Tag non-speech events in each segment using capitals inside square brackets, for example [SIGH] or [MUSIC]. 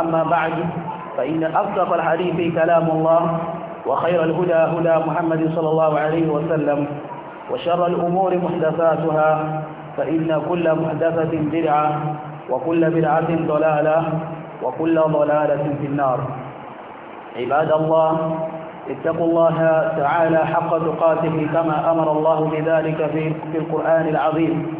أما بعد فإن أصدق الحديث كلام الله وخير الهدى هدى محمد صلى الله عليه وسلم وشر الأمور محدثاتها فإن كل محدثة بدعة وكل بدعة ضلالة وكل ضلالة في النار عباد الله اتقوا الله تعالى حق تقاته كما أمر الله بذلك في القرآن العظيم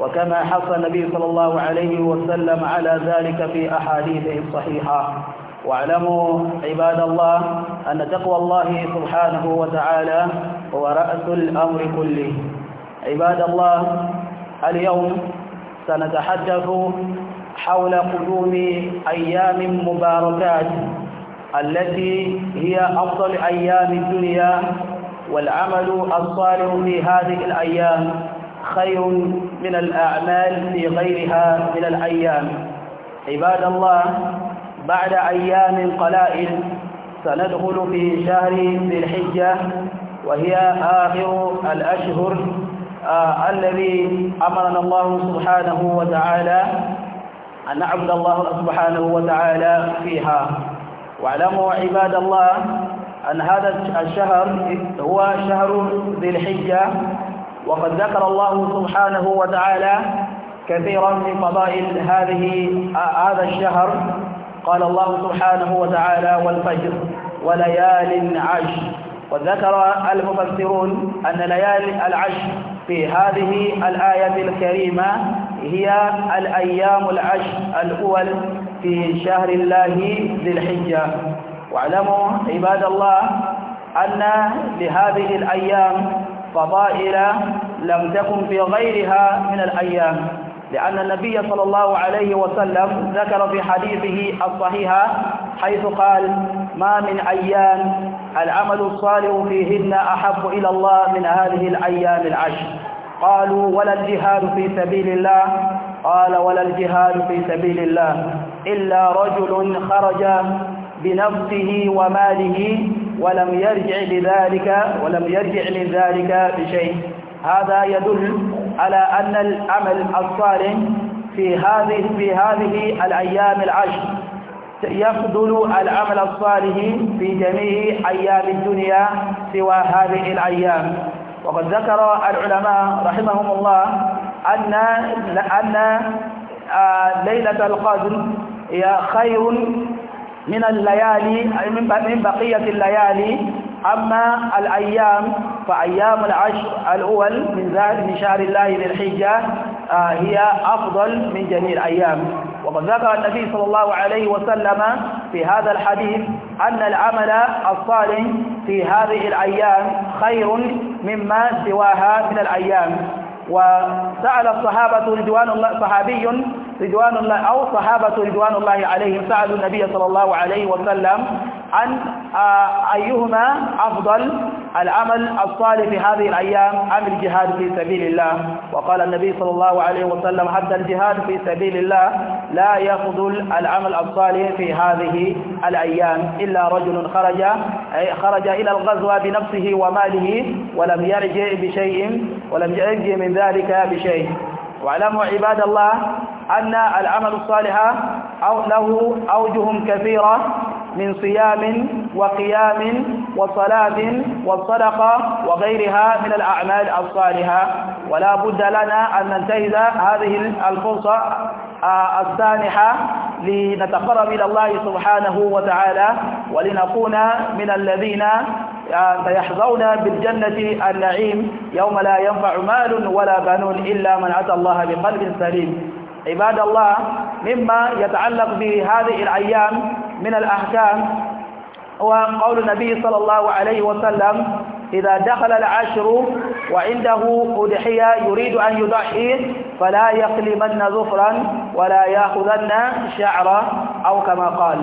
وكما حث النبي صلى الله عليه وسلم على ذلك في أحاديثه الصحيحة واعلموا عباد الله أن تقوى الله سبحانه وتعالى هو رأس الأمر كله عباد الله اليوم سنتحدث حول قدوم أيام مباركات التي هي أفضل أيام الدنيا والعمل الصالح في هذه الأيام خير من الأعمال في غيرها من الأيام عباد الله بعد أيام قلائل سندخل في شهر ذي الحجة وهي آخر الأشهر آه الذي أمرنا الله سبحانه وتعالى أن نعبد الله سبحانه وتعالى فيها واعلموا عباد الله أن هذا الشهر هو شهر ذي الحجة وقد ذكر الله سبحانه وتعالى كثيرا من فضائل هذه هذا الشهر قال الله سبحانه وتعالى والفجر وليال عشر وذكر المفسرون أن ليالي العشر في هذه الآية الكريمة هي الأيام العشر الأول في شهر الله ذي الحجة واعلموا عباد الله أن لهذه الأيام فضائل لم تكن في غيرها من الأيام لأن النبي صلى الله عليه وسلم ذكر في حديثه الصحيح حيث قال ما من أيام العمل الصالح فيهن أحب إلى الله من هذه الأيام العشر قالوا ولا الجهاد في سبيل الله قال ولا الجهاد في سبيل الله إلا رجل خرج بنفسه وماله ولم يرجع لذلك ولم يرجع لذلك بشيء هذا يدل على أن العمل الصالح في هذه في هذه الأيام العشر يفضل العمل الصالح في جميع أيام الدنيا سوى هذه الأيام وقد ذكر العلماء رحمهم الله أن أن آه، ليلة القدر هي خير من الليالي من بقية الليالي أما الأيام فأيام العشر الأول من ذلك من شهر الله ذي الحجة آه، هي أفضل من جميع الأيام وقد ذكر النبي صلى الله عليه وسلم في هذا الحديث أن العمل الصالح في هذه الأيام خير مما سواها من الأيام وسأل الصحابة رضوان الله صحابي رضوان الله أو صحابة رضوان الله عليهم سألوا النبي صلى الله عليه وسلم عن أيهما أفضل العمل الصالح في هذه الأيام أم الجهاد في سبيل الله وقال النبي صلى الله عليه وسلم حتى الجهاد في سبيل الله لا يخذل العمل الصالح في هذه الأيام إلا رجل خرج خرج إلى الغزوة بنفسه وماله ولم يرجع بشيء ولم يرجع من ذلك بشيء واعلموا عباد الله أن العمل الصالح أو له أوجه كثيرة من صيام وقيام وصلاة وصدقة وغيرها من الأعمال الصالحة ولا بد لنا أن ننتهز هذه الفرصة آه، السانحة لنتقرب إلى الله سبحانه وتعالى ولنكون من الذين آه، سيحظون بالجنة النعيم يوم لا ينفع مال ولا بنون إلا من أتى الله بقلب سليم عباد الله مما يتعلق بهذه الأيام من الأحكام هو قول النبي صلى الله عليه وسلم إذا دخل العشر وعنده أضحية يريد أن يضحي فلا يقلمن ظفرا ولا يأخذن شعرا أو كما قال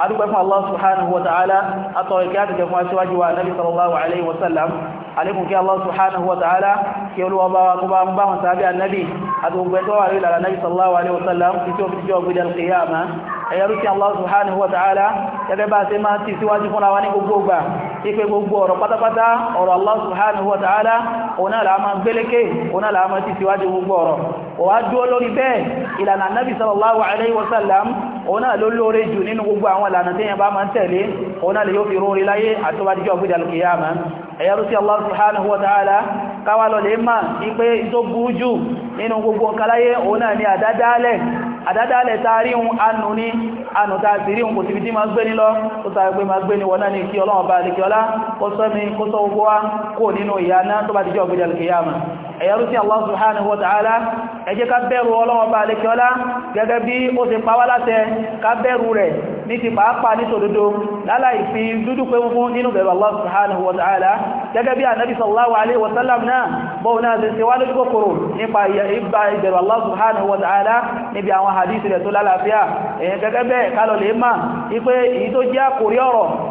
أدوك اسم الله سبحانه وتعالى أطريكات كما سواجه النبي صلى الله عليه وسلم عليكم كي الله سبحانه وتعالى كي يقول الله أكبر مباهم سابع النبي أدوك بيتوا على النبي صلى الله عليه وسلم في سوف تجوب إلى القيامة ẹ̀yẹ̀rú sí Allah subhanahu wa ta'ala gẹ́gẹ́ bá ṣe máa ti síwájú fúnra wa ní gbogbo gbà ipe gbogbo ọ̀rọ̀ pátápátá ọ̀rọ̀ Allah subhanahu wa ta'ala òun náà la máa gbélékè òun náà la máa ti síwájú gbogbo ọ̀rọ̀ ó wá dúró lórí bẹ́ẹ̀ ìlànà nabi sallallahu alaihi wasallam òun náà ló lóore jù nínú gbogbo àwọn ìlànà tí yẹn bá máa ń tẹ̀lé òun náà lè yóò fi rórí láyé àtúbádíjọ́ ọgbẹ́dẹ̀ alkiyama ẹ̀yẹ́rú sí Allah subhanahu wa ta'ala káwà lọ lè máa ní pé tó burú jù nínú gbogbo ọkàláyé òun náà ni àdádálẹ̀ àdádálẹ̀ taari ń anù ní anù ta sì rí ń kò síbi tí ma gbé ní lọ tó sáré pé ma gbé ní wọ́n náà ní kí ọlọ́wọ́ bá lè kí ọlá kó sọ mi kó sọ gbogbo Allah subhanahu wa ta'ala ẹ jẹ́ ká bẹ̀rù ọlọ́wọ́ bá alẹ́kẹ́ọ́lá gẹ́gẹ́ bí ó ti pa wá láṣẹ ká bẹ̀rù rẹ̀ ní ti pàápàá ní tòdodo láláì fi dúdú pé fún nínú bẹ̀rù Allah subhanahu wa ta'ala gẹ́gẹ́ bí ànábì sallallahu alaihi wasallam náà bọ́ọ̀ náà ti ṣe wá lójú kòkòrò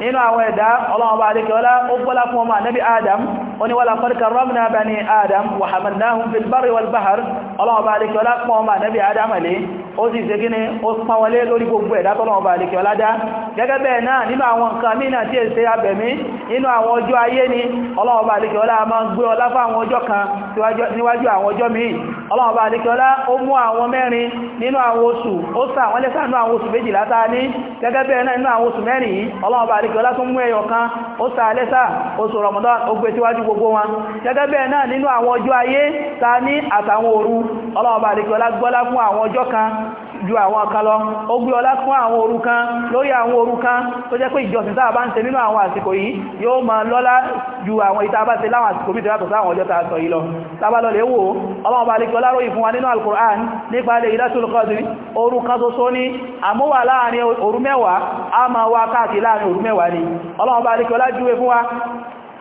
nínú àwọn ẹ̀dá ọlọ́wọ́ bá adékẹ́ ọlá ó gbọ́lá fún ọmọ ànábì adam ó ní wọ́lá fọ́díkà rọ́mìnà bá ní adam wàhàmàdáhùn fil barri wal bahar ọlọ́wọ́ bá adékẹ́ ọlá pọ́ ọmọ ànábì adam àlé ó sì ṣe gíní ó pán wọlé lórí gbogbo ẹ̀dá tọ́lọ́wọ́ bá adékẹ́ ọlá dá gẹ́gẹ́ bẹ́ẹ̀ náà nínú àwọn nǹkan mínà tí èsè abẹ̀mí nínú àwọn ọjọ́ ayé ni ọlọ́wọ́ bá adékẹ́ ọlá máa ń gbé ọlá fún àwọn kan níwájú àwọn ọjọ́ míì ọlọ́wọ́ bá adékẹ́ ọlá ó mú àwọn mẹ́rin nínú àwọn oṣù ó sà wọ́n lẹ́sà nínú àwọn oṣù méjìlá tá a ní gẹ́gẹ́ bẹ́ẹ̀ náà nínú àwọn oṣù mẹ́rin yìí ọlọ́wọ́ bá àlejò látún mú ẹyọ kan ó sa alẹ́sà oṣù Ramadan ó gbé gbogbo wọn gẹ́gẹ́ bẹ́ẹ̀ náà nínú àwọn ọjọ́ ayé ta ní àtàwọn òru ọlọ́ọ̀bà àlejò lágbọ́lá fún àwọn ọjọ́ kan ju àwọn kan lọ ó gbé ọlá fún àwọn òrukàn lórí àwọn òrukàn tó jẹ́ pé ìjọsìn tá a bá ń ṣe nínú àwọn àsìkò yìí yóò máa lọ́lá ju àwọn ìta bá ṣe láwọn àsìkò mìíràn tó sáwọn ọjọ́ ta sọ yìí lọ tábàlọ́ lè wò ọlọ́run bá lè wa nínú alukur'an nípa ilé Lailatul Qadr òru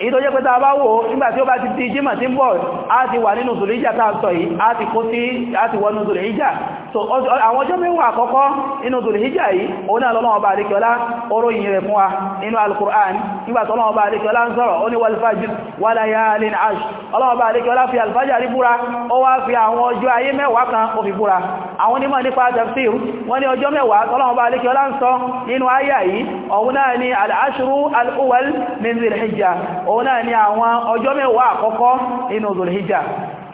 èyí tó jẹ́ pé tàbá wò nígbà tí ó bá ti di jímọ̀ tí ń bọ̀ á ti wà nínú zùlíjà tàà sọ yìí á ti kó sí á ti wọnú zùlíjà so àwọn ọjọ́ mẹ́wàá àkọ́kọ́ inú dùlhíjà yìí òun náà lọ́lọ́wọ́ bá àríkẹ́ọ́lá oróyìn rẹ̀ fún wa inú al-Qur'an nígbàtọ́lọ́wọ́ bá àríkẹ́ọ́lá ń sọ̀rọ̀ ó ní wal-fajr wa layalin ashr ọlọ́wọ́ bá àríkẹ́ọ́lá fi al-fajr búra ó wá fi àwọn ọjọ́ ayé mẹ́wàá kan ó fi búra àwọn onímọ̀ nípa tafsir wọ́n ní ọjọ́ mẹ́wàá tọ́lọ́wọ́ bá àríkẹ́ọ́lá ń sọ nínú ayà yìí òun náà ni al-ashru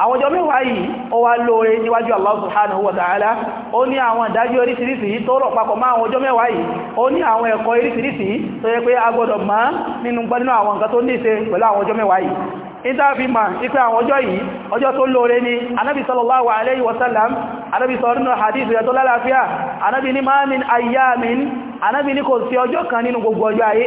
àwọn ọjọ́ mẹ́wàá yìí ó wá lóore níwájú Allah subhanahu wa ta'ala ó ní àwọn ìdájọ́ oríṣiríṣi tó rọ̀ papọ̀ mọ́ àwọn ọjọ́ mẹ́wàá yìí ó ní àwọn ẹ̀kọ́ oríṣiríṣi tó yẹ pé a gbọ́dọ̀ mọ̀ nínú gbọ́nínú àwọn nǹkan tó ní ṣe pẹ̀lú àwọn ọjọ́ mẹ́wàá yìí ìtàfi ma ipé àwọn ọjọ́ yìí ọjọ́ tó lóore ni anábi sallallahu alaihi wasallam anábi sọ̀rọ̀ hadithu ya tó lálàáfíà anábi ni ma min ayyamin anábi ni kò sí ọjọ́ kan nínú gbogbo ọjọ́ ayé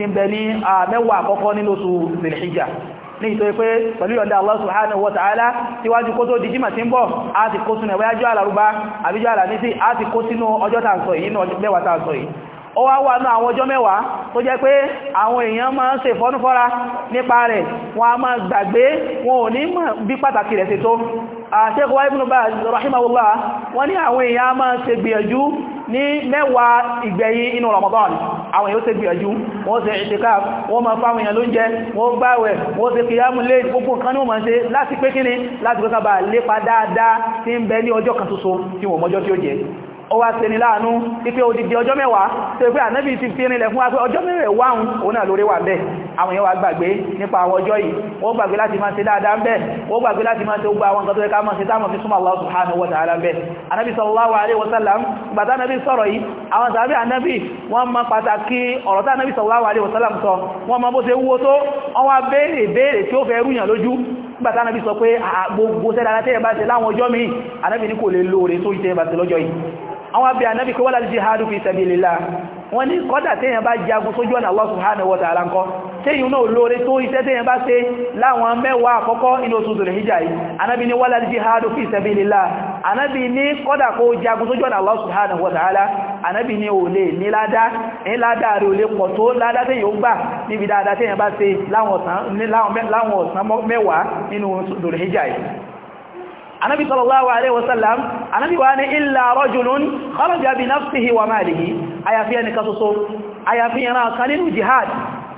tí ń bẹ ní mẹ́wàá àkọ́kọ́ nínú oṣù zilhijjá ní ìtò pé pẹ̀lú ọ̀dá Allah subhanahu wa ta'ala tíwájú kó tó di jímọ̀ tí ń bọ̀ a ti kó sínú ẹ̀wẹ́ ajọ́ àlàrúbá àbíjọ́ àlàníṣì a ti kó sínú ọjọ́ tàǹsọ̀ yìí nínú mẹ́wàá tàǹsọ̀ yìí ó wá wà ní àwọn ọjọ́ mẹ́wàá tó jẹ́ pé àwọn èèyàn máa ń ṣe fọ́núfọ́ra nípa rẹ̀ wọn a máa gbàgbé wọn ò ní mọ̀ bí pàtàkì rẹ̀ ṣe tó Sheikh Wahb ibn Baz rahimahullah wọ́n ní àwọn èèyàn máa ṣe gbìyànjú ní mẹ́wàá ìgbẹ̀yìn inú Ramadan àwọn èyí ó ṣe gbìyànjú wọ́n ṣe ìtìkáf wọ́n máa fáwọn èèyàn ló ń jẹ wọ́n gbáwẹ̀ wọ́n ṣe kìyàmù lé gbogbo nǹkan ní wọ́n máa ṣe láti pé kíni láti pé lépa dáadáa tí ń bẹ ní ọjọ́ kan ṣoṣo tí wọ́n mọ́jọ́ tí ó jẹ́ ó wá ṣeni láàánú ipé odidi ọjọ́ mẹ́wàá tó pé ànábì ti fi rinlẹ̀ fún wa pé ọjọ́ mẹ́rẹ̀ wáhùn òun náà lórí wà bẹ́ àwọn èèyàn wá gbàgbé nípa àwọn ọjọ́ yìí wọ́n gbàgbé láti máa ṣe Allah subhanahu wa ta'ala ń bẹ ànábì wa sallam gbàtà ànábì sọ̀rọ̀ yìí àwọn sàbí ànábì wọ́n mọ pàtàkì wa sallam sọ wọ́n mọ bó ṣe wúwo tó wọ́n wá béèrè béèrè tí ó fẹ́ rúyàn lójú gbàtà ànábì sọ pé gbogbo sẹ́dára tẹ́yẹ̀ bá ṣe láwọn ọjọ́ mi ànábì ní kò lè lóore tó ìtẹ́yẹ̀ bá ṣe lọ́jọ́ yìí àwọn abẹ́ ànábì pé wala jihadu fi sabilillah wọ́n ní kọ́dà téèyàn bá jagun sójú ọ̀nà Allah subhanahu wa ta'ala ńkọ́ téèyàn náà lóore tó iṣẹ́ téèyàn bá ṣe láwọn mẹ́wàá àkọ́kọ́ inú oṣù Dhul Hijjah yìí anábi jihadu fi sabilillah anábi ní kọ́dà kó jagun sójú ọ̀nà Allah subhanahu wa ta'ala anábi ní ò lè ní ládá ní ládá rẹ̀ ò lè pọ̀ tó ládá téèyàn ó gbà níbi dáadáa téèyàn anábi sallallahu alaihi wasallam anábi wa ní illa rajulun kharaja bi nafsihi wa malihi àyàfi ẹni kan ṣoṣo àyàfi ẹran jihad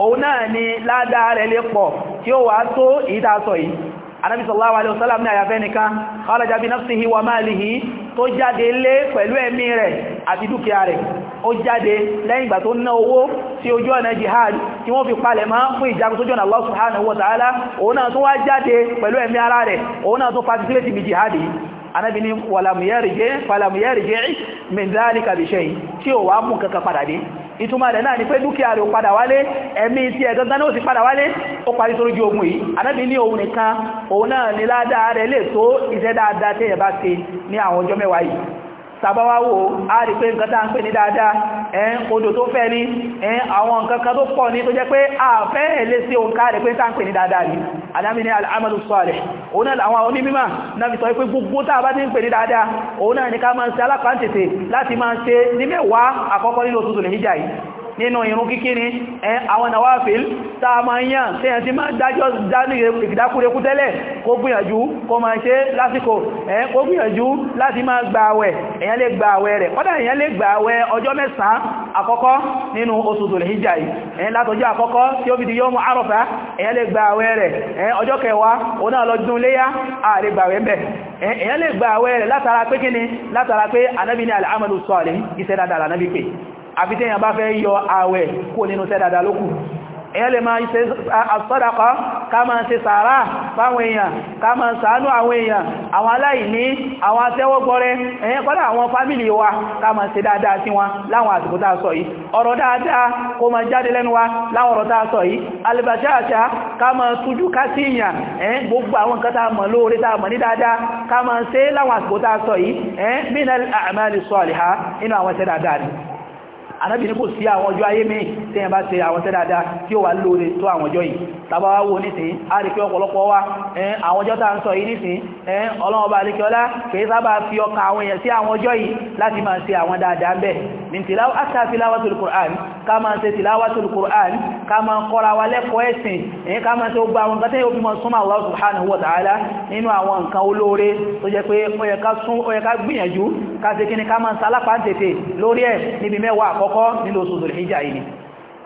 òun náà ni ládàá rẹ̀ lè pọ̀ tí ó wà tó ìdásọ yìí anábi sallallahu alaihi wasallam ní àyàfi ẹni kan kharaja bi nafsihi wa malihi tó jáde lé pẹ̀lú ẹ̀mí rẹ̀ àti dúkìá rẹ̀ ó jáde lẹ́yìn ìgbà tó ná owó sí ojú ọ̀nà jihad tí wọ́n fi palẹ̀ máa fún ìjagun tó jọ́nà Allah subhanahu wa ta'ala òun náà tún wá jáde pẹ̀lú ẹ̀mí ara rẹ̀ òun náà tún participate bí jihad yìí anábi ni wàlàmùyẹ́rì jẹ́ mìndálíkà bí ni pé dúkìá rẹ̀ ó padà wálé ẹ̀mí tí ẹ̀gangan náà sì padà wálé ó parí sórí ju ogun ni ládàá rẹ̀ àwọn ọjọ́ mẹ́wàá yìí tàbáwáwò a rí pé nǹkan tàà ń pè ní dáadáa ẹn odò tó fẹ́ ní ẹn àwọn nǹkan kan tó pọ̀ ní tó jẹ́ pé a fẹ́ ẹ̀lé sí ohun ká rí pé tàà ń pè ní dáadáa ní adámini al'amalu sọ́ọ̀lẹ̀ òun náà àwọn onímímà náà fi sọ pé gbogbo tàà bá ti ń pè ní dáadáa òun nínú irun kíkíní àwọn nàwáfil tàà ma ń yàn tí ẹn tí ma dájọ́ dánìyẹ ìdákúrekú tẹ́lẹ̀ kó gbìyànjú kó ma ṣe lásìkò kó gbìyànjú láti ma gbààwẹ̀ èyàn lè gbààwẹ̀ rẹ̀ kọ́dà èyàn lè gbààwẹ̀ ọjọ́ mẹ́sàn àkọ́kọ́ nínú oṣù Dhul-Hijjah èyàn látọjọ́ àkọ́kọ́ tí ó fi di yọ́mù Àrafà èyàn lè gbààwẹ̀ rẹ̀ ọjọ́ kẹwàá òun náà lọ́dún léyá ààrẹ gbààwẹ̀ bẹ̀ èyàn lè gbààwẹ̀ àbí tẹ́yàn bá fẹ́ yọ àwẹ̀ kó nínú tẹ́ dáadáa lókù èyàn lè máa ṣe àsọ́dàkọ́ ká máa ṣe sàárà fáwọn èèyàn ká máa ṣàánú àwọn èèyàn àwọn aláìní àwọn atẹ́wọ́gbọ́rẹ́ ẹ̀yẹn kọ́dá àwọn fámìlì wa ká máa ṣe dáadáa sí wọn láwọn àsìkò tá a sọ yìí ọ̀rọ̀ dáadáa kó máa jáde lẹ́nu wa láwọn ọ̀rọ̀ tá a sọ yìí alìbàjáàṣá ká máa tújú ká sí èèyàn ẹ̀yẹn gbogbo àwọn nǹkan tá a mọ̀ lóore tá a mọ̀ ní dáadáa ká máa Ànábì ní kò sí àwọn ọjọ́ ayé mi tí ẹ bá ṣe àwọn tẹ́ dáadáa tí ó wà lóore tó àwọn ọjọ́ yìí tàbá wá wo nísìn àríkí ọ̀pọ̀lọpọ̀ wá àwọn ọjọ́ tá ń sọ yìí nísìn Ọlọ́run ọba àríkíọlá kìí sábà fi ọkà àwọn èèyàn sí àwọn ọjọ́ yìí láti máa ṣe àwọn dáadáa bẹ́ẹ̀ min tilawa ata tilawatul qur'an ká máa ṣe tilawatul qur'an ká máa kọ́ra wa lẹ́kọ̀ọ́ ẹ̀sìn èyí ká máa ṣe ó gba àwọn nǹkan tẹ́yẹ̀ obìnrin súnmọ́ Allah subhanahu wa ta'ala nínú àwọn nǹkan olóore tó jẹ́ pé ó yẹ ká gbìyànjú ká ṣe kí ni ká máa sálápá tètè lórí ẹ̀ níbi mẹ́wàá àkọ́kọ́ nínú oṣù dhul yìí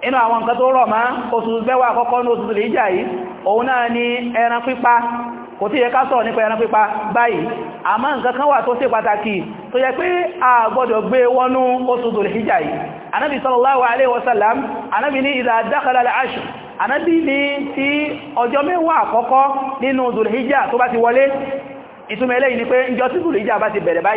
inú àwọn nǹkan tó rọ̀ má oṣù mẹ́wàá àkọ́kọ́ ní oṣù Dhul-Hijjah yìí òun náà ni ẹran pípa kò tí yẹ ká sọ nípa ẹran pípa báyìí àmá nǹkan kan wà tó ṣe pàtàkì tó yẹ pé a gbọ́dọ̀ gbé wọnú yìí alaihi wasallam anábi ni pé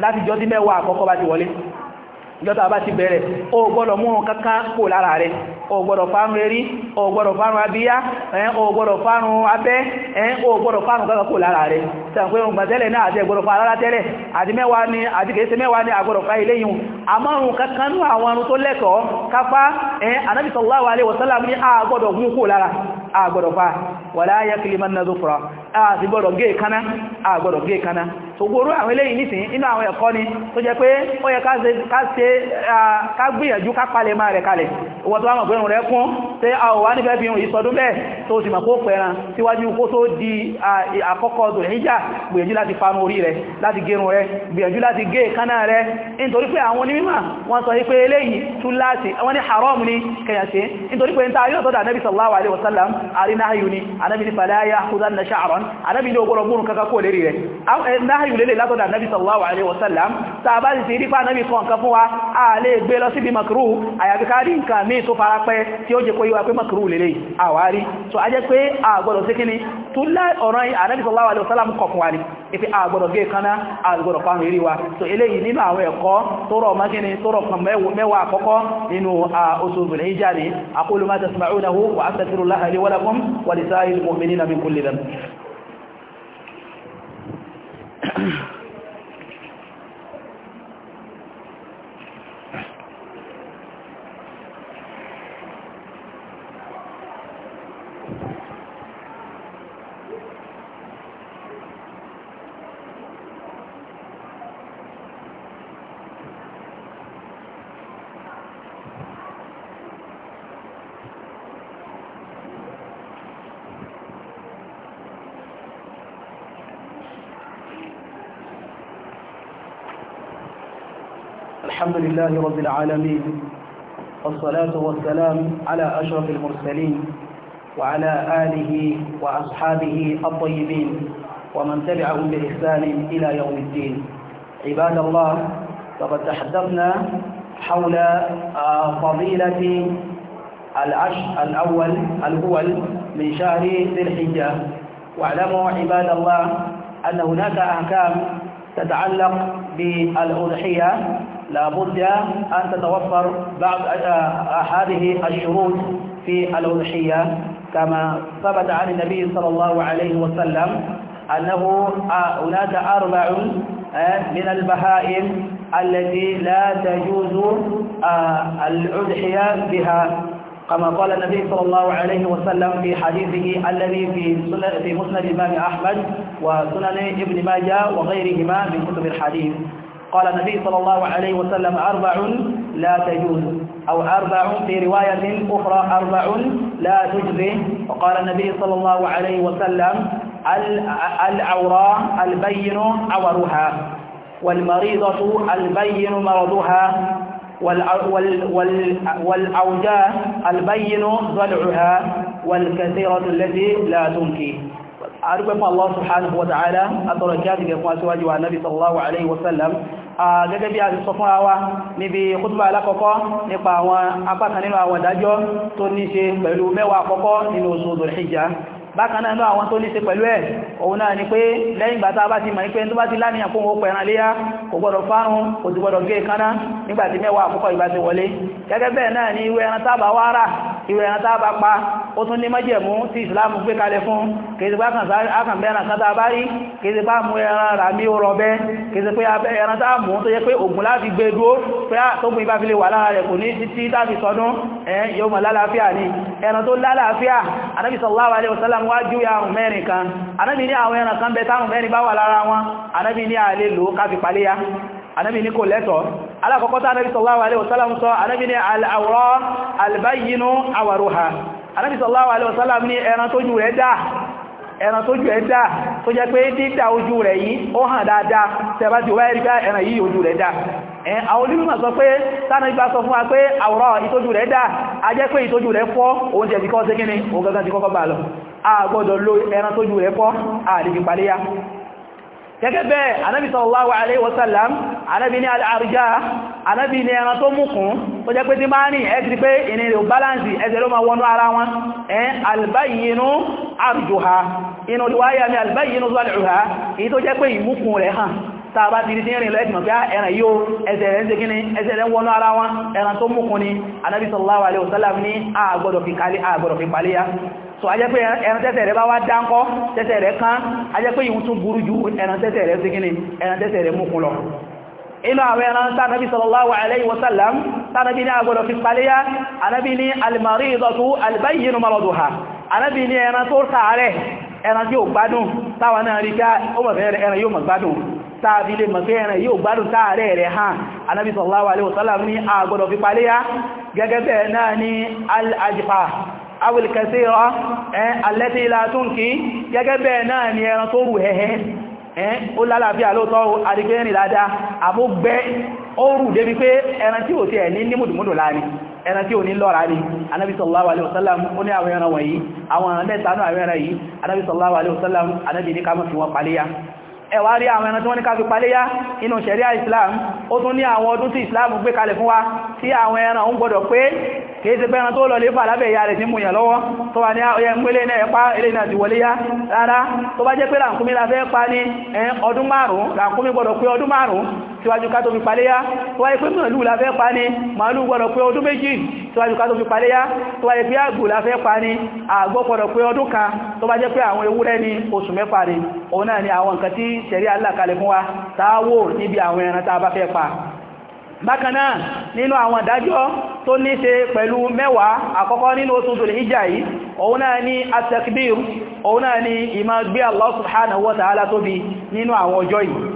láti jọ tí mẹ́wàá àkọ́kọ́ bá ti wọlé ìjọta bá ti bẹ̀rẹ̀ o gbọ́dọ̀ mú kankan kò lára rẹ̀ o gbọ́dọ̀ fárún erí o gbọ́dọ̀ fárún abíyá o gbọ́dọ̀ abẹ́ o gbọ́dọ̀ kankan kò lára rẹ̀ náà àti ẹgbọ́dọ̀ tẹ́lẹ̀ àti mẹ́wàá àgbọ́dọ̀ ilé yìí àmọ́rùn àwọn arun tó lẹ́kọ̀ọ́ ṣògbòrò àwọn eléyìí nìsìn inú àwọn ẹ̀kọ́ ni tó jẹ́ pé ó yẹ ká gbìyànjú ká palẹ̀ máa rẹ̀ kalẹ̀ ìwọ̀n tó wá mọ̀ pé rẹ̀ kún tí a ò wá nífẹ́ fi hùn ìsọdún bẹ́ẹ̀ tó sì mọ̀ kó pẹ̀ran síwájú kó tó di àkọ́kọ́ dòníjà gbìyànjú láti fanu orí rẹ̀ láti gẹrun rẹ̀ gbìyànjú láti gé kánà rẹ̀ nítorí pé àwọn onímọ̀ wọ́n sọ pé eléyìí tún láti wọ́n ní haram ni kẹyànṣe nítorí pé níta yóò tọ́dà anábì sallallahu alaihi wasallam àrí náà yuni anábì ní fàlàyà kúzánà sha'ran anábì ní ogoro gbóòrùn kankan kó lérí rẹ̀ eh, wáyù lélè látọ̀dà nabi sallallahu alaihi wasallam tàbá ti rí pa nabi kan kan fún wa a lè gbé lọ síbi makru àyàfi ká nǹkan míì tó fara pẹ́ tí ó jẹ́ kó yíwa pé makru lélè àwárí so a jẹ́ pé a gbọ́dọ̀ sí kíni tó lá ọ̀ràn ànábì sallallahu alaihi wasallam kọ̀ fún wa ni so eléyìí nínú àwọn ẹ̀kọ́ tó rọ̀ mọ́ kíni tó rọ̀ kan mẹ́wàá àkọ́kọ́ nínú oṣù Dhul-Hijjah ni aqulu ma tasma'unahu wa astaghfirullaha li wa Thank you. [COUGHS] الحمد لله رب العالمين والصلاة والسلام على أشرف المرسلين وعلى آله وأصحابه الطيبين ومن تبعهم بإحسان إلى يوم الدين عباد الله فقد تحدثنا حول آه، فضيلة العشر الأول الأول من شهر ذي الحجة واعلموا عباد الله أن هناك أحكام تتعلق بالأضحية لابد أن تتوفر بعض آه، هذه الشروط في الأضحية كما ثبت عن النبي صلى الله عليه وسلم أنه آه، هناك أربع آه، من البهائم التي لا تجوز الأضحية بها كما قال النبي صلى الله عليه وسلم في حديثه الذي في في مسند الإمام أحمد وسنن ابن ماجه وغيرهما من كتب الحديث قال النبي صلى الله عليه وسلم أربع لا تجوز أو أربع في رواية أخرى أربع لا تجزي وقال النبي صلى الله عليه وسلم العوراء البين عورها والمريضة البين مرضها والأوجاء البين ضلعها والكثيرة التي لا تنكي àdúgbẹ́ fún Allah subhanahu wa ta'ala àtọ̀rọ̀ kí á ti gẹ̀kún aṣíwájú wa nabi sallallahu alaihi wasallam gẹ́gẹ́ bí a ti sọ fún àwa níbi kútùbà alákọ̀ọ́kọ́ nípa àwọn apákan nínú àwọn ìdájọ́ tó ní ṣe pẹ̀lú mẹ́wàá àkọ́kọ́ nínú oṣù Dhul-Hijjah bákan náà àwọn tó ní ṣe pẹ̀lú ẹ̀ òun náà ni pé lẹ́yìn ìgbàta bá ti mọ̀ ní ìwẹ̀ ẹran tàbá pa ó tún ní májẹ̀mú tí ìsìláàmù gbé kalẹ̀ fún kèsìpá àkànbẹ̀ràn kan tàbá rí kèsìpá mú ẹran rà mí ó rọ̀bẹ́ kèsìpé ẹran tàbá mú tó yẹ pé ògùn láti gbé dúó ni ẹran tó lálàáfíà anábì sallallahu alaihi wasallam wá jú àrùn mẹ́rin kan anábì ní àwọn ẹran kan bẹ táwọn mẹ́rin bá wà lára anábi ní kò lẹ́tọ̀ alákọ̀ọ́kọ́ta anábi sallallahu alaihi wasallam sọ anábi ní al'awra albayyinu awaruha anábi sallallahu alaihi wasallam ní ẹran tójú rẹ̀ dá ẹran tójú ẹ̀ dá tó jẹ́ pé dídá ojú rẹ̀ yìí ó hàn dáadáa tẹ́bá ti wáyé rígbá ẹran yìí ojú rẹ̀ dá àwọn olùmọ̀ sọ pé tánà ìgbà sọ fún wa pé àwòrán ìtójú rẹ̀ dá a jẹ́ pé ìtójú rẹ̀ fọ́ òun jẹ́ bíkọ́ sí kíní òun gangan ti kọ́kọ́ bà lọ a gbọ́dọ̀ lo ẹran tójú rẹ̀ fọ́ àdìgbìpaléyà gẹ́gẹ́ bẹ́ẹ̀ anábi sallallahu alaihi wasallam anábi ní al'arjá anábi ní ẹran tó múkùn tó jẹ́ pé tí máa ní ẹ̀sì pé ìní rẹ̀ balansi ẹ̀sẹ̀ ló ma wọnú ara wọn ẹn albayyinu arjuha inú riwaya mi albayyinu zal'uha tàbá ti rí tí rìn lẹ́tìmọ̀ pé ah, ẹran yóò ẹsẹ̀ rẹ̀ ń ṣe kíní ẹsẹ̀ rẹ̀ wọnú ara wọn ẹran tó múkún ni anábì sallallahu alaihi wasallam àgbọ̀dọ̀ fi kalẹ̀ so a jẹ́ pé ẹran tẹ́sẹ̀ rẹ̀ bá wá dáńkọ́ tẹ́sẹ̀ rẹ̀ kán a jẹ́ pé ìhun tún burú ju ẹran tẹ́sẹ̀ rẹ̀ ṣe kíní ẹran tẹ́sẹ̀ rẹ̀ múkún lọ inú àwọn ẹran tánàbí sallallahu alaihi wasallam tánàbí ní àgbọ̀dọ̀ fi paléyá anábí ní al-maridatu al-bayyinu maraduha anábí ní ẹran tó sàárẹ̀ gbádùn táwọn náà rí ká ah, ó mọ̀ fẹ́ ẹran yóò mọ̀ gbádùn tààfi lè mọ̀ pé ẹran yóò gbádùn táàrẹ rẹ̀ hàn anábi sallallahu alaihi wasallam ní àgbọ̀dọ̀ fi paléyá gẹ́gẹ́ bẹ́ẹ̀ náà ní al-ajfa awil kaseera allati la tunki gẹ́gẹ́ bẹ́ẹ̀ náà ní ẹran tó rù hẹ́hẹ́ ó lálàáfíà lóòtọ́ àrígbẹ́rin dáadáa àmúgbẹ́ ó rù débi pé ẹran tí ò ti ẹ̀ ní ní mùdùmùdù láàrin ẹran tí ò ní lọ́ra ní anábi sallallahu alaihi wasallam ó ní àwọn ẹran wọ̀nyí àwọn ẹran mẹ́ta náà àwọn ẹran yìí anábi sallallahu anábi ní ká mọ́ fi wọn paléyá ẹwà rí àwọn ẹran tí wọ́n ní ká fi paléyá inú ṣẹ̀ríà Islam ó tún ní àwọn ọdún tí Islam gbé kalẹ̀ fún wa tí àwọn ẹran ń gbọdọ̀ pé kìí ti pẹ́ran tó lọ lè fà lábẹ̀ ìyá rẹ̀ tí mú yàn lọ́wọ́ tó wà ní ọyẹ ń pẹ́lẹ̀ ẹ̀pá ilé náà ti yá rárá tó bá jẹ́ pé ràǹkúmí la fẹ́ pa ní ọdún márùn-ún ràǹkúmí gbọ́dọ̀ pé ọdún márùn-ún síwájú ká tó fi paléyá tó wáyé pé màálù la fẹ́ pa ní màálù gbọ́dọ̀ pé ọdún méjì síwájú ká tó fi paléyá tó wáyé pé àgbò la fẹ́ pa ní àgbò gbọ́dọ̀ pé ọdún kan tó bá jẹ́ pé àwọn ewúrẹ́ ní oṣù mẹ́fà rẹ̀ òun náà ni àwọn nǹkan tí ṣẹ̀rí alákalẹ̀ fún wa táwò níbi àwọn ẹran tá a bá fẹ́ pa bákanáà nínú àwọn ìdájọ́ tó ní ṣe pẹ̀lú mẹ́wàá àkọ́kọ́ nínú oṣù tó lè ìjà yìí òun náà ni atakbir òun náà ni ìmá gbé Allah subhanahu wa tóbi nínú àwọn ọjọ́ yìí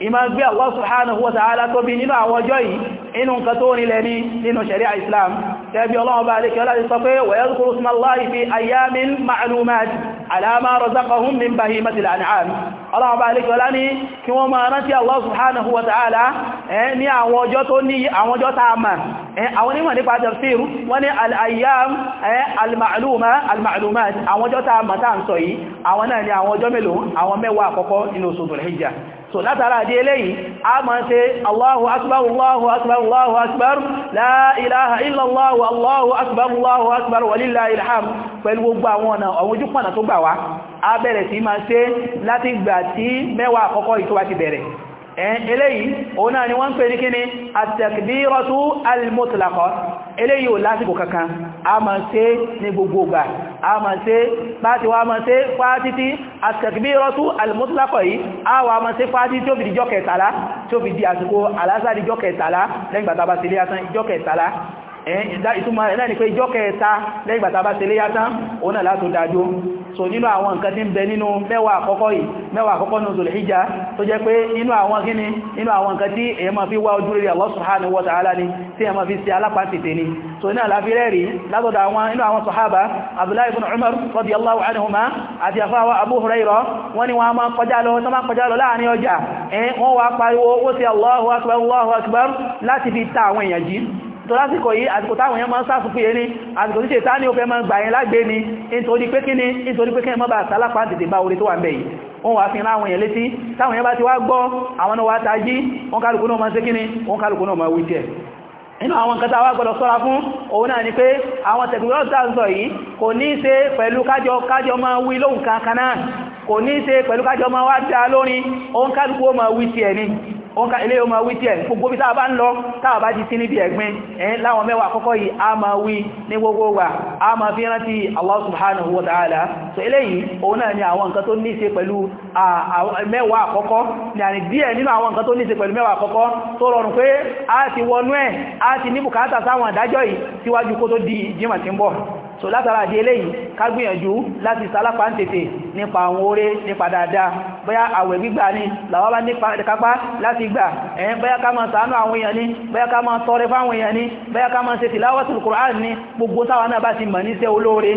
ìmá gbé Allah subhanahu wa ta'ala tó bí nínú àwọn ọjọ́ yìí inú nǹkan tó nílẹ̀ ní nínú sharia Islam tẹ́bí ọlọ́wọ́ bá lè kẹ́lá sọ pé wa yadhkuru isma Allahi fi ayyamin ma'lumat ala ma razaqahum min bahimatil an'am ọlọ́wọ́ bá lè kẹ́lá ní kí wọ́n máa rántí Allah subhanahu wa ta'ala ní àwọn ọjọ́ tó ní àwọn ọjọ́ tá a mọ̀ àwọn onímọ̀ nípa tafsir wọ́n ní sọ yìí àwọn náà ni àwọn ọjọ́ so látara àdí eléyìí a ma ṣe Allahu akbar Allahu akbar Allahu akbar la ilaha illallah Allahu akbar Allahu akbar walillahi alham pẹ̀lú gbogbo àwọn ọ̀nà àwọn ojúpọ̀nà tó gbà wá a bẹ̀rẹ̀ sí ma ṣe láti gbà tí mẹ́wàá àkọ́kọ́ ìtọ́wà ti bẹ̀rẹ̀ eléyìí òun náà ni a ma ṣe láti wá ma ṣe fátítí àtẹ̀kìbírọ́tú alìmútúlákọ̀ yìí a wà ma ṣe fátítí tí ó fi di jọ́ kẹtàlá tí ó fi di àsìkò alásàdíjọ́ kẹtàlá lẹ́gbàtàbà sílé asán ìjọ́ kẹtàlá Eh, ìtumọ̀ ẹ̀ náà ni pé ìjọ kẹta lẹ́gbàtà bá tẹ̀lé yátá òun náà látò dájú so nínú àwọn nǹkan tí ń bẹ nínú mẹ́wàá àkọ́kọ́ yìí mẹ́wàá àkọ́kọ́ nínú Zulhijja tó jẹ́ pé nínú àwọn kíni nínú àwọn nǹkan tí èyàn máa fi wá ojú rere Allah subhanahu wa ta'ala ni tí èyàn máa fi ṣe alápàtìtì ni so iná láfi rẹ́rì látọ̀dọ̀ àwọn inú àwọn sọ̀hábà Abdullahi ibn Umar radiyallahu anhuma tó lásìkò yìí àsìkò táwọn èèyàn máa ń sáfún pé ní àsìkò tí ṣètá ní ó fẹ́ máa gbà yẹn lágbé ni nítorí pé kí ni nítorí pé kí ẹmọ́ bá sálápá tètè bá orí tó wà ń bẹ̀ yìí wọ́n wá fi láwọn èèyàn létí táwọn èèyàn bá ti wá gbọ́ àwọn náà wá tají wọ́n kálukú náà máa ṣe kí ni wọ́n kálukú náà máa wí jẹ́ inú àwọn nǹkan tàwà gbọ́dọ̀ sọ́ra fún òun ká ilé yóò máa wí tí ẹ̀ gbogbo bí táà bá ń lọ táà bá ti sí níbi ẹ̀gbin ẹ̀yìn láwọn mẹ́wàá àkọ́kọ́ yìí a máa wí ní gbogbo wà a máa fi rántí Allah subhanahu wa ta'ala so eléyìí òun ni àwọn nǹkan tó ní ṣe pẹ̀lú mẹ́wàá ni àní díẹ̀ nínú àwọn nǹkan tó ní ṣe pẹ̀lú mẹ́wàá a ti wọnú a ti ní bùkátà sáwọn àdájọ́ yìí síwájú di jímọ̀ so látara àdí eléyìí ká gbìyànjú láti sálápá ń tètè nípa àwọn oore nípa dáadáa bóyá àwẹ̀ gbígbà ni làwọn bá nípa kápá láti gbà ẹ̀yìn bóyá ká máa ṣàánú àwọn èèyàn ni bóyá ká máa tọrẹ fáwọn èèyàn ni bóyá ká máa ṣe tilawatul Qur'an ni gbogbo táwọn náà bá ti mọ̀ níṣẹ́ olóore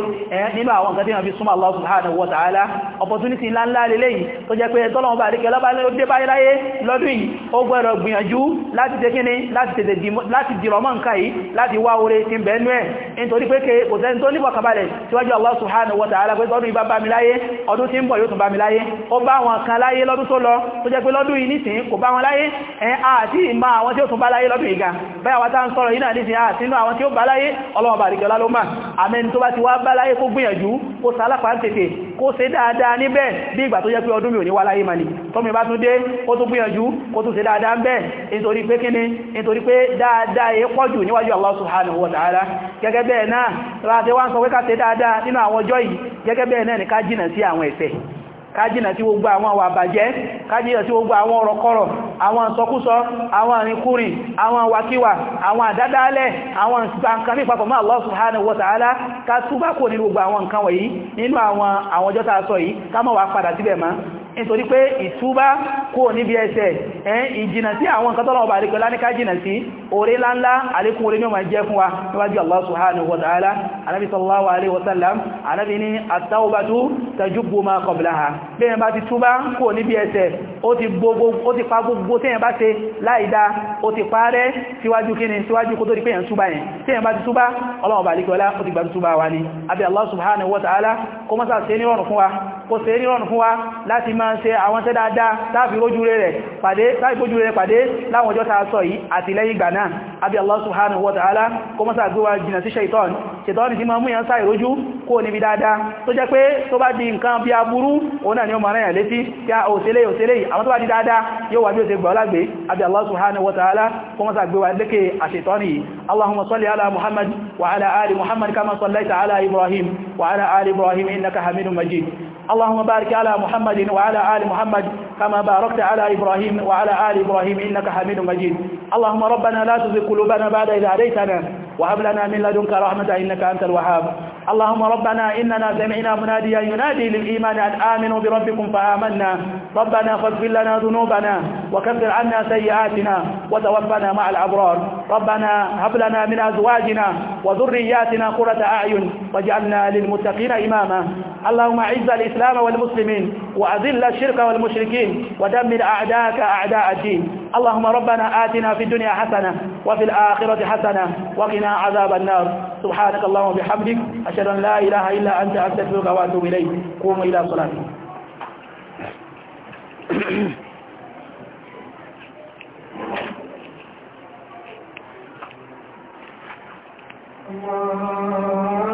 nínú àwọn nǹkan tí wọ́n fi opportunity ńláńlá lélẹ́yìí tó jẹ́ pé tọ́lọ́wọ́n bá àríkẹ́ lọ́bá ló dé báyé láyé lọ́dún yìí ó gbọ́rọ̀ gbìyànjú láti tẹ́kíní láti dìrọ̀mọ́ nǹkan yìí láti wá oore tó níbọ̀ kàbálẹ̀ síwájú Allah subhanahu wa ta'ala pé ọdún ibá bá mi láyé ọdún tí ń bọ̀ yóò tún bá mi láyé ó bá wọn kan láyé lọ́dún tó lọ tó jẹ́ pé lọ́dún yìí kò bá wọn láyé ẹn àti ìmá àwọn tí ó tún bá láyé lọ́dún ìga báyà kó ṣe dáadáa níbẹ̀ bí ìgbà tó jẹ́ pé ọdún mi ò ní wá láyé mani tọ́mí bá tún dé ó tún gbìyànjú kó tún ṣe dáadáa ń bẹ̀ nítorí pé kíni nítorí pé dáadáa yẹ pọ̀jù níwájú Allah subhanahu wa ta'ala gẹ́gẹ́ bẹ́ẹ̀ náà láti wá ń sọ pé ká ṣe dáadáa nínú àwọn ọjọ́ yìí gẹ́gẹ́ bẹ́ẹ̀ náà ni ká jìnà sí àwọn ẹ̀ṣẹ̀ kájìnà tí gbogbo àwọn àwà bàjẹ́ kájìnà tí gbogbo àwọn ọ̀rọ̀kọ́rọ̀ àwọn ìsọkúsọ àwọn àrinkunrin àwọn àwakíwà àwọn àdádálẹ̀ àwọn nǹkan ní papọ̀ mọ́ Allah subhanahu wa ta'ala ká túbá kò nínú gbogbo àwọn nǹkan wọ̀nyí nínú àwọn àwọn ọjọ́ tá a nítorí pé ìtúbá kò níbi ẹsẹ̀ ẹ̀yìn ìjìnà sí àwọn nǹkan tọ́lọ̀wọ̀ bá rí pẹ̀lá ní ká jìnà sí orí láńlá àlékún orí ní ọmọ jẹ́ fún wa níwájú Allah subhanahu wa ta'ala anábi sallallahu alaihi wasallam anábi ni at-tawbatu ma qablaha bẹ́ẹ̀ bá ti túbá kò níbi ẹsẹ̀ ó ti pa gbogbo tí ẹ̀yàn bá ṣe láìdá ó ti parẹ́ síwájú kíni síwájú kó tó di pé ẹ̀yàn túbá yẹn tí Allah subhanahu wa ta'ala kó mọ́sá ṣe ní rọrùn fún wa láti máa ń ṣe àwọn tẹ́ dáadáa láàfin rójú rẹ̀ pàdé láàfin rójú rẹ̀ pàdé láwọn ọjọ́ ta sọ yìí àti lẹ́yìn ìgbà náà àbí Allah subhanahu wa ta'ala kó mọ́sà gbówà jìnà sí shaitan ṣètọ́ni tí ma mú yàn sáì rójú kó níbi dáadáa tó jẹ́ pé tó bá di nǹkan bí aburú òun náà ni ó ma rẹ̀yàn létí kí a òṣèlé òṣèlé àwọn tó bá di dáadáa yóò wà bí ó ṣe gbọ́lágbé àbí Allah subhanahu wa Allahumma wa ala ali Muhammad kama sallaita اللهم بارك على محمد وعلى آل محمد كما باركت على إبراهيم وعلى آل إبراهيم إنك حميد مجيد اللهم ربنا لا تزغ قلوبنا بعد إذ هديتنا وهب من لدنك رحمة إنك أنت الوهاب اللهم ربنا إننا سمعنا مناديا ينادي للإيمان أن آمنوا بربكم فآمنا ربنا فاغفر لنا ذنوبنا وكفر عنا سيئاتنا وتوفنا مع الأبرار ربنا هب لنا من أزواجنا وذرياتنا قرة أعين واجعلنا للمتقين إماما اللهم أعز الإسلام والمسلمين وأذل الشرك والمشركين ودمر أعداءك أعداء الدين اللهم ربنا آتنا في الدنيا حسنة وفي الآخرة حسنة وقنا عذاب النار سبحانك اللهم وبحمدك وأشهد أن لا إله إلا أنت أستغفرك وأتوب إليك قوموا إلى صلاتكم